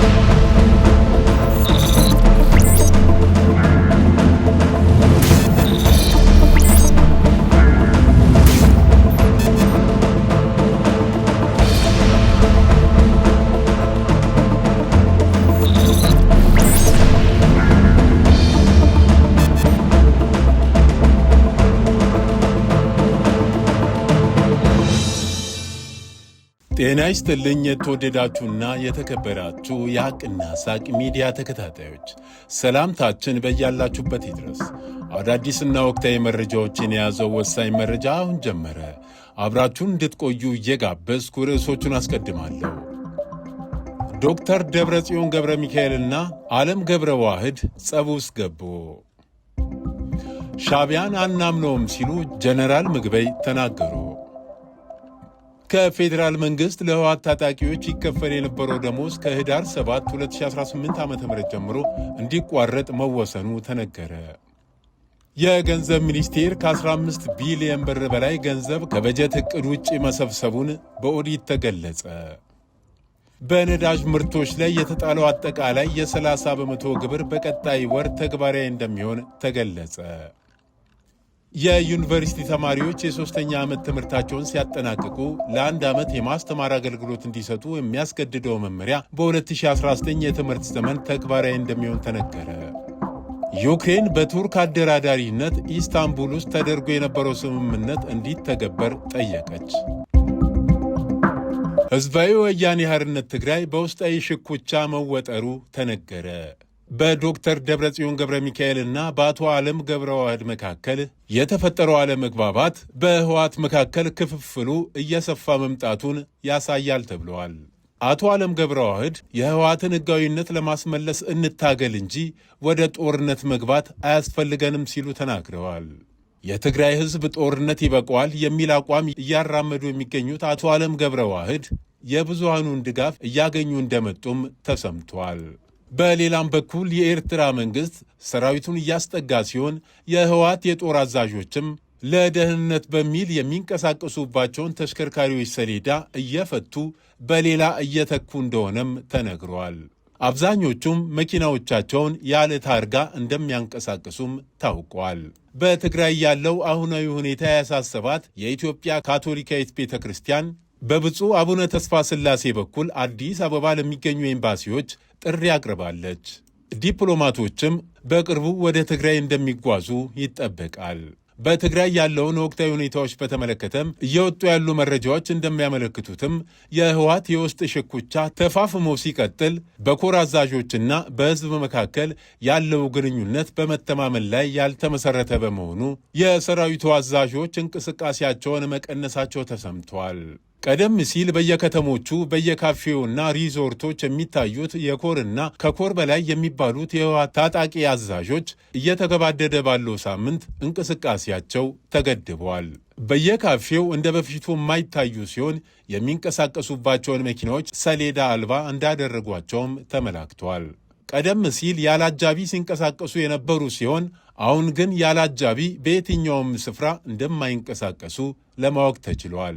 Thank you. ጤና ይስጥልኝ የተወደዳችሁና የተከበራችሁ የሐቅና ሳቅ ሚዲያ ተከታታዮች፣ ሰላምታችን በያላችሁበት ይድረስ። አዳዲስና ወቅታዊ መረጃዎችን የያዘው ወሳኝ መረጃ አሁን ጀመረ። አብራችሁን እንድትቆዩ እየጋበዝኩ ርዕሶቹን አስቀድማለሁ። ዶክተር ደብረ ጽዮን ገብረ ሚካኤልና ዓለም ገብረ ዋህድ ጸቡ ውስጥ ገቡ። ሻቢያን አናምነውም ሲሉ ጀነራል ምግበይ ተናገሩ። ከፌዴራል መንግስት ለህወሓት ታጣቂዎች ይከፈል የነበረው ደሞዝ ከህዳር 7 2018 ዓ ም ጀምሮ እንዲቋረጥ መወሰኑ ተነገረ። የገንዘብ ሚኒስቴር ከ15 ቢሊየን ብር በላይ ገንዘብ ከበጀት እቅድ ውጭ መሰብሰቡን በኦዲት ተገለጸ። በነዳጅ ምርቶች ላይ የተጣለው አጠቃላይ የ30 በመቶ ግብር በቀጣይ ወር ተግባራዊ እንደሚሆን ተገለጸ። የዩኒቨርሲቲ ተማሪዎች የሶስተኛ ዓመት ትምህርታቸውን ሲያጠናቅቁ ለአንድ ዓመት የማስተማር አገልግሎት እንዲሰጡ የሚያስገድደው መመሪያ በ2019 የትምህርት ዘመን ተግባራዊ እንደሚሆን ተነገረ። ዩክሬን በቱርክ አደራዳሪነት ኢስታንቡል ውስጥ ተደርጎ የነበረው ስምምነት እንዲተገበር ጠየቀች። ሕዝባዊ ወያኔ ሓርነት ትግራይ በውስጣዊ ሽኩቻ መወጠሩ ተነገረ። በዶክተር ደብረጽዮን ገብረ ሚካኤልና በአቶ ዓለም ገብረ ዋህድ መካከል የተፈጠረው አለመግባባት በህወሓት መካከል ክፍፍሉ እየሰፋ መምጣቱን ያሳያል ተብለዋል። አቶ ዓለም ገብረ ዋህድ የህወሓትን ህጋዊነት ለማስመለስ እንታገል እንጂ ወደ ጦርነት መግባት አያስፈልገንም ሲሉ ተናግረዋል። የትግራይ ህዝብ ጦርነት ይበቃዋል የሚል አቋም እያራመዱ የሚገኙት አቶ ዓለም ገብረ ዋህድ የብዙሃኑን ድጋፍ እያገኙ እንደመጡም ተሰምቷል። በሌላም በኩል የኤርትራ መንግሥት ሰራዊቱን እያስጠጋ ሲሆን የህወሓት የጦር አዛዦችም ለደህንነት በሚል የሚንቀሳቀሱባቸውን ተሽከርካሪዎች ሰሌዳ እየፈቱ በሌላ እየተኩ እንደሆነም ተነግረዋል። አብዛኞቹም መኪናዎቻቸውን ያለ ታርጋ እንደሚያንቀሳቅሱም ታውቋል። በትግራይ ያለው አሁናዊ ሁኔታ ያሳሰባት የኢትዮጵያ ካቶሊካዊት ቤተ ክርስቲያን በብፁዕ አቡነ ተስፋ ስላሴ በኩል አዲስ አበባ ለሚገኙ ኤምባሲዎች ጥሪ አቅርባለች። ዲፕሎማቶችም በቅርቡ ወደ ትግራይ እንደሚጓዙ ይጠበቃል። በትግራይ ያለውን ወቅታዊ ሁኔታዎች በተመለከተም እየወጡ ያሉ መረጃዎች እንደሚያመለክቱትም የህወሓት የውስጥ ሽኩቻ ተፋፍሞ ሲቀጥል በኮር አዛዦችና በህዝብ መካከል ያለው ግንኙነት በመተማመን ላይ ያልተመሰረተ በመሆኑ የሰራዊቱ አዛዦች እንቅስቃሴያቸውን መቀነሳቸው ተሰምተዋል። ቀደም ሲል በየከተሞቹ በየካፌውና ሪዞርቶች የሚታዩት የኮርና ከኮር በላይ የሚባሉት የህወሓት ታጣቂ አዛዦች እየተገባደደ ባለው ሳምንት እንቅስቃሴያቸው ተገድበዋል። በየካፌው እንደ በፊቱ የማይታዩ ሲሆን የሚንቀሳቀሱባቸውን መኪናዎች ሰሌዳ አልባ እንዳደረጓቸውም ተመላክተዋል። ቀደም ሲል ያላጃቢ አጃቢ ሲንቀሳቀሱ የነበሩ ሲሆን አሁን ግን ያላጃቢ አጃቢ በየትኛውም ስፍራ እንደማይንቀሳቀሱ ለማወቅ ተችሏል።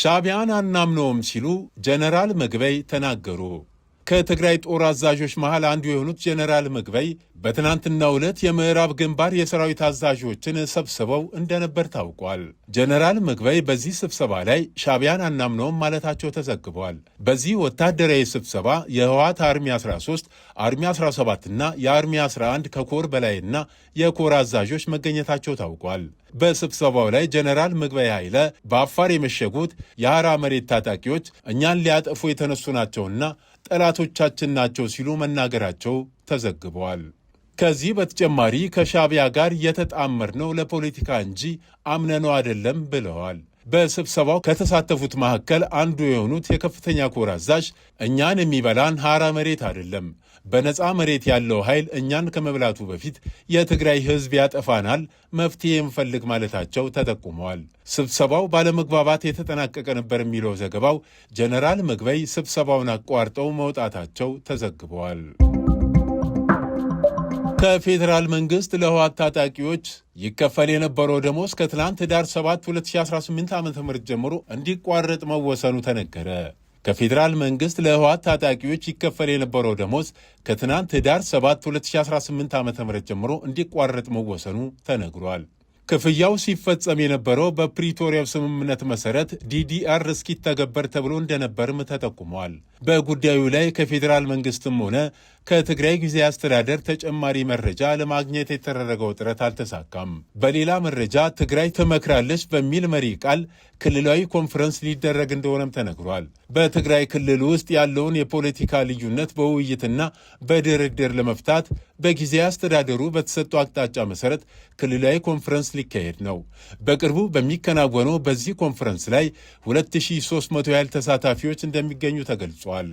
ሻቢያን አናምነውም ሲሉ ጀነራል ምግበይ ተናገሩ። ከትግራይ ጦር አዛዦች መሃል አንዱ የሆኑት ጀነራል ምግበይ በትናንትናው ዕለት የምዕራብ ግንባር የሰራዊት አዛዦችን ሰብስበው እንደነበር ታውቋል። ጀነራል ምግበይ በዚህ ስብሰባ ላይ ሻቢያን አናምነውም ማለታቸው ተዘግቧል። በዚህ ወታደራዊ ስብሰባ የህወሓት አርሚ 13፣ አርሚ 17ና የአርሚ 11 ከኮር በላይና የኮር አዛዦች መገኘታቸው ታውቋል። በስብሰባው ላይ ጀነራል ምግበይ ኃይለ በአፋር የመሸጉት የሐራ መሬት ታጣቂዎች እኛን ሊያጠፉ የተነሱ ናቸውና ጠላቶቻችን ናቸው ሲሉ መናገራቸው ተዘግበዋል። ከዚህ በተጨማሪ ከሻቢያ ጋር የተጣመርነው ለፖለቲካ እንጂ አምነነው አይደለም ብለዋል። በስብሰባው ከተሳተፉት መካከል አንዱ የሆኑት የከፍተኛ ኮር አዛዥ እኛን የሚበላን ሐራ መሬት አይደለም በነፃ መሬት ያለው ኃይል እኛን ከመብላቱ በፊት የትግራይ ህዝብ ያጠፋናል፣ መፍትሄ የምፈልግ ማለታቸው ተጠቁመዋል። ስብሰባው ባለመግባባት የተጠናቀቀ ነበር የሚለው ዘገባው፣ ጀነራል ምግበይ ስብሰባውን አቋርጠው መውጣታቸው ተዘግበዋል። ከፌዴራል መንግስት ለህወሓት ታጣቂዎች ይከፈል የነበረው ደሞዝ ከትላንት ህዳር 7 2018 ዓ ም ጀምሮ እንዲቋረጥ መወሰኑ ተነገረ። ከፌዴራል መንግስት ለህወሓት ታጣቂዎች ይከፈል የነበረው ደሞዝ ከትናንት ህዳር 7 2018 ዓ ም ጀምሮ እንዲቋረጥ መወሰኑ ተነግሯል። ክፍያው ሲፈጸም የነበረው በፕሪቶሪያው ስምምነት መሠረት ዲዲአር እስኪተገበር ተብሎ እንደነበርም ተጠቁሟል። በጉዳዩ ላይ ከፌዴራል መንግስትም ሆነ ከትግራይ ጊዜ አስተዳደር ተጨማሪ መረጃ ለማግኘት የተደረገው ጥረት አልተሳካም። በሌላ መረጃ ትግራይ ትመክራለች በሚል መሪ ቃል ክልላዊ ኮንፈረንስ ሊደረግ እንደሆነም ተነግሯል። በትግራይ ክልል ውስጥ ያለውን የፖለቲካ ልዩነት በውይይትና በድርድር ለመፍታት በጊዜ አስተዳደሩ በተሰጡ አቅጣጫ መሰረት ክልላዊ ኮንፈረንስ ሊካሄድ ነው። በቅርቡ በሚከናወነው በዚህ ኮንፈረንስ ላይ 2300 ያህል ተሳታፊዎች እንደሚገኙ ተገልጿል። ገልጿል።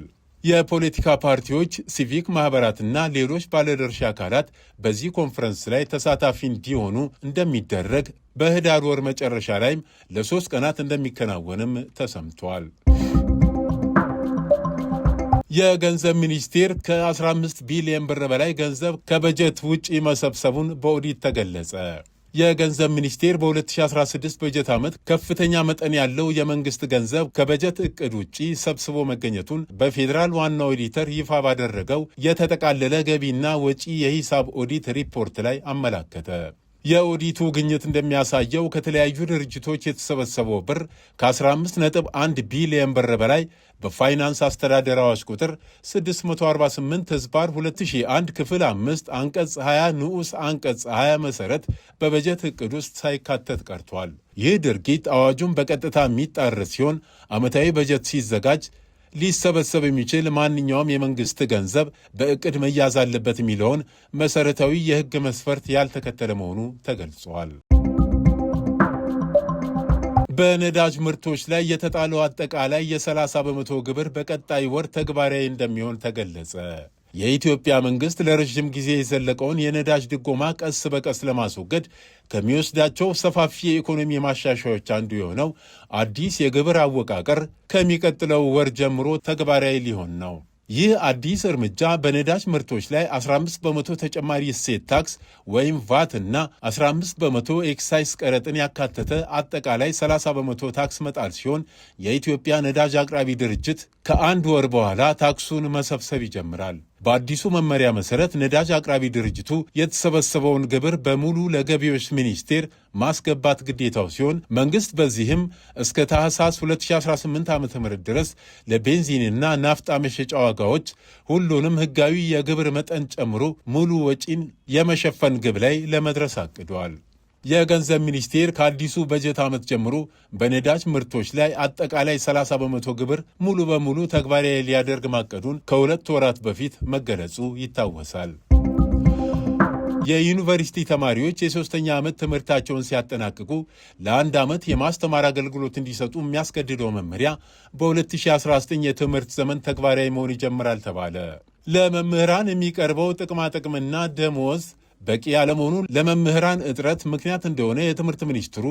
የፖለቲካ ፓርቲዎች፣ ሲቪክ ማኅበራትና ሌሎች ባለድርሻ አካላት በዚህ ኮንፈረንስ ላይ ተሳታፊ እንዲሆኑ እንደሚደረግ በህዳር ወር መጨረሻ ላይም ለሶስት ቀናት እንደሚከናወንም ተሰምቷል። የገንዘብ ሚኒስቴር ከ15 ቢሊዮን ብር በላይ ገንዘብ ከበጀት ውጪ መሰብሰቡን በኦዲት ተገለጸ። የገንዘብ ሚኒስቴር በ2016 በጀት ዓመት ከፍተኛ መጠን ያለው የመንግስት ገንዘብ ከበጀት እቅድ ውጪ ሰብስቦ መገኘቱን በፌዴራል ዋና ኦዲተር ይፋ ባደረገው የተጠቃለለ ገቢና ወጪ የሂሳብ ኦዲት ሪፖርት ላይ አመላከተ። የኦዲቱ ግኝት እንደሚያሳየው ከተለያዩ ድርጅቶች የተሰበሰበው ብር ከ15.1 ቢሊየን ብር በላይ በፋይናንስ አስተዳደር አዋጅ ቁጥር 648 ህዝባር 2001 ክፍል 5 አንቀጽ 20 ንዑስ አንቀጽ 20 መሠረት በበጀት ዕቅድ ውስጥ ሳይካተት ቀርቷል። ይህ ድርጊት አዋጁን በቀጥታ የሚጣርስ ሲሆን ዓመታዊ በጀት ሲዘጋጅ ሊሰበሰብ የሚችል ማንኛውም የመንግስት ገንዘብ በእቅድ መያዝ አለበት የሚለውን መሰረታዊ የሕግ መስፈርት ያልተከተለ መሆኑ ተገልጿል። በነዳጅ ምርቶች ላይ የተጣለው አጠቃላይ የ30 በመቶ ግብር በቀጣይ ወር ተግባራዊ እንደሚሆን ተገለጸ። የኢትዮጵያ መንግስት ለረዥም ጊዜ የዘለቀውን የነዳጅ ድጎማ ቀስ በቀስ ለማስወገድ ከሚወስዳቸው ሰፋፊ የኢኮኖሚ ማሻሻዮች አንዱ የሆነው አዲስ የግብር አወቃቀር ከሚቀጥለው ወር ጀምሮ ተግባራዊ ሊሆን ነው። ይህ አዲስ እርምጃ በነዳጅ ምርቶች ላይ 15 በመቶ ተጨማሪ እሴት ታክስ ወይም ቫት እና 15 በመቶ ኤክሳይዝ ቀረጥን ያካተተ አጠቃላይ 30 በመቶ ታክስ መጣል ሲሆን የኢትዮጵያ ነዳጅ አቅራቢ ድርጅት ከአንድ ወር በኋላ ታክሱን መሰብሰብ ይጀምራል። በአዲሱ መመሪያ መሰረት ነዳጅ አቅራቢ ድርጅቱ የተሰበሰበውን ግብር በሙሉ ለገቢዎች ሚኒስቴር ማስገባት ግዴታው ሲሆን መንግስት በዚህም እስከ ታህሳስ 2018 ዓ ም ድረስ ለቤንዚንና ናፍጣ መሸጫ ዋጋዎች ሁሉንም ህጋዊ የግብር መጠን ጨምሮ ሙሉ ወጪን የመሸፈን ግብ ላይ ለመድረስ አቅደዋል። የገንዘብ ሚኒስቴር ከአዲሱ በጀት ዓመት ጀምሮ በነዳጅ ምርቶች ላይ አጠቃላይ 30 በመቶ ግብር ሙሉ በሙሉ ተግባራዊ ሊያደርግ ማቀዱን ከሁለት ወራት በፊት መገለጹ ይታወሳል። የዩኒቨርሲቲ ተማሪዎች የሶስተኛ ዓመት ትምህርታቸውን ሲያጠናቅቁ ለአንድ ዓመት የማስተማር አገልግሎት እንዲሰጡ የሚያስገድደው መመሪያ በ2019 የትምህርት ዘመን ተግባራዊ መሆን ይጀምራል ተባለ። ለመምህራን የሚቀርበው ጥቅማጥቅምና ደሞዝ በቂ ያለመሆኑ ለመምህራን እጥረት ምክንያት እንደሆነ የትምህርት ሚኒስትሩ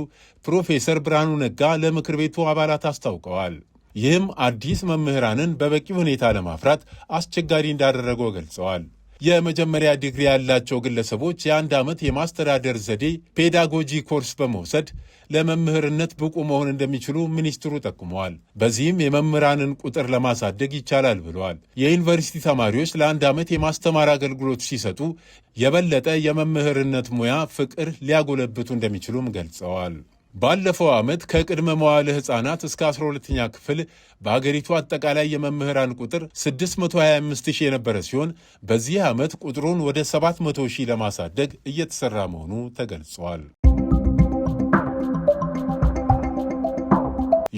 ፕሮፌሰር ብርሃኑ ነጋ ለምክር ቤቱ አባላት አስታውቀዋል። ይህም አዲስ መምህራንን በበቂ ሁኔታ ለማፍራት አስቸጋሪ እንዳደረገው ገልጸዋል። የመጀመሪያ ዲግሪ ያላቸው ግለሰቦች የአንድ ዓመት የማስተዳደር ዘዴ ፔዳጎጂ ኮርስ በመውሰድ ለመምህርነት ብቁ መሆን እንደሚችሉ ሚኒስትሩ ጠቁመዋል። በዚህም የመምህራንን ቁጥር ለማሳደግ ይቻላል ብለዋል። የዩኒቨርሲቲ ተማሪዎች ለአንድ ዓመት የማስተማር አገልግሎት ሲሰጡ የበለጠ የመምህርነት ሙያ ፍቅር ሊያጎለብቱ እንደሚችሉም ገልጸዋል። ባለፈው ዓመት ከቅድመ መዋለ ሕፃናት እስከ 12ኛ ክፍል በአገሪቱ አጠቃላይ የመምህራን ቁጥር 625 ሺህ የነበረ ሲሆን በዚህ ዓመት ቁጥሩን ወደ 700 ሺህ ለማሳደግ እየተሰራ መሆኑ ተገልጿል።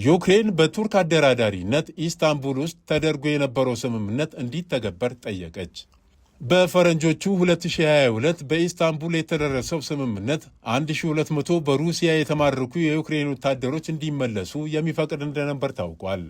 ዩክሬን በቱርክ አደራዳሪነት ኢስታንቡል ውስጥ ተደርጎ የነበረው ስምምነት እንዲተገበር ጠየቀች። በፈረንጆቹ 2022 በኢስታንቡል የተደረሰው ስምምነት 1200 በሩሲያ የተማረኩ የዩክሬን ወታደሮች እንዲመለሱ የሚፈቅድ እንደነበር ታውቋል።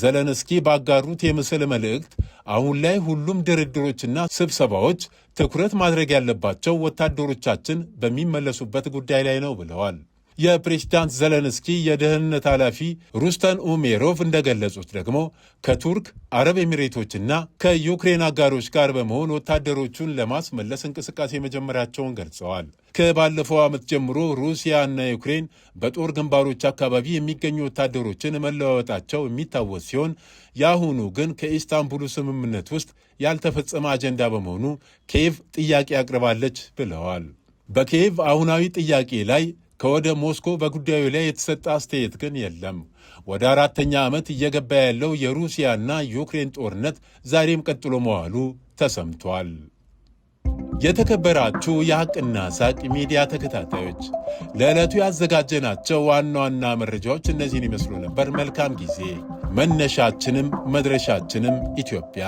ዘለንስኪ ባጋሩት የምስል መልእክት አሁን ላይ ሁሉም ድርድሮችና ስብሰባዎች ትኩረት ማድረግ ያለባቸው ወታደሮቻችን በሚመለሱበት ጉዳይ ላይ ነው ብለዋል። የፕሬዝዳንት ዘለንስኪ የደህንነት ኃላፊ ሩስተን ኡሜሮቭ እንደገለጹት ደግሞ ከቱርክ አረብ ኤሚሬቶችና ከዩክሬን አጋሮች ጋር በመሆን ወታደሮቹን ለማስመለስ እንቅስቃሴ መጀመራቸውን ገልጸዋል። ከባለፈው ዓመት ጀምሮ ሩሲያና ዩክሬን በጦር ግንባሮች አካባቢ የሚገኙ ወታደሮችን መለዋወጣቸው የሚታወስ ሲሆን የአሁኑ ግን ከኢስታንቡሉ ስምምነት ውስጥ ያልተፈጸመ አጀንዳ በመሆኑ ኬቭ ጥያቄ አቅርባለች ብለዋል። በኪየቭ አሁናዊ ጥያቄ ላይ ከወደ ሞስኮ በጉዳዩ ላይ የተሰጠ አስተያየት ግን የለም። ወደ አራተኛ ዓመት እየገባ ያለው የሩሲያና ዩክሬን ጦርነት ዛሬም ቀጥሎ መዋሉ ተሰምቷል። የተከበራችሁ የሐቅና ሳቅ ሚዲያ ተከታታዮች ለዕለቱ ያዘጋጀናቸው ዋና ዋና መረጃዎች እነዚህን ይመስሉ ነበር። መልካም ጊዜ። መነሻችንም መድረሻችንም ኢትዮጵያ።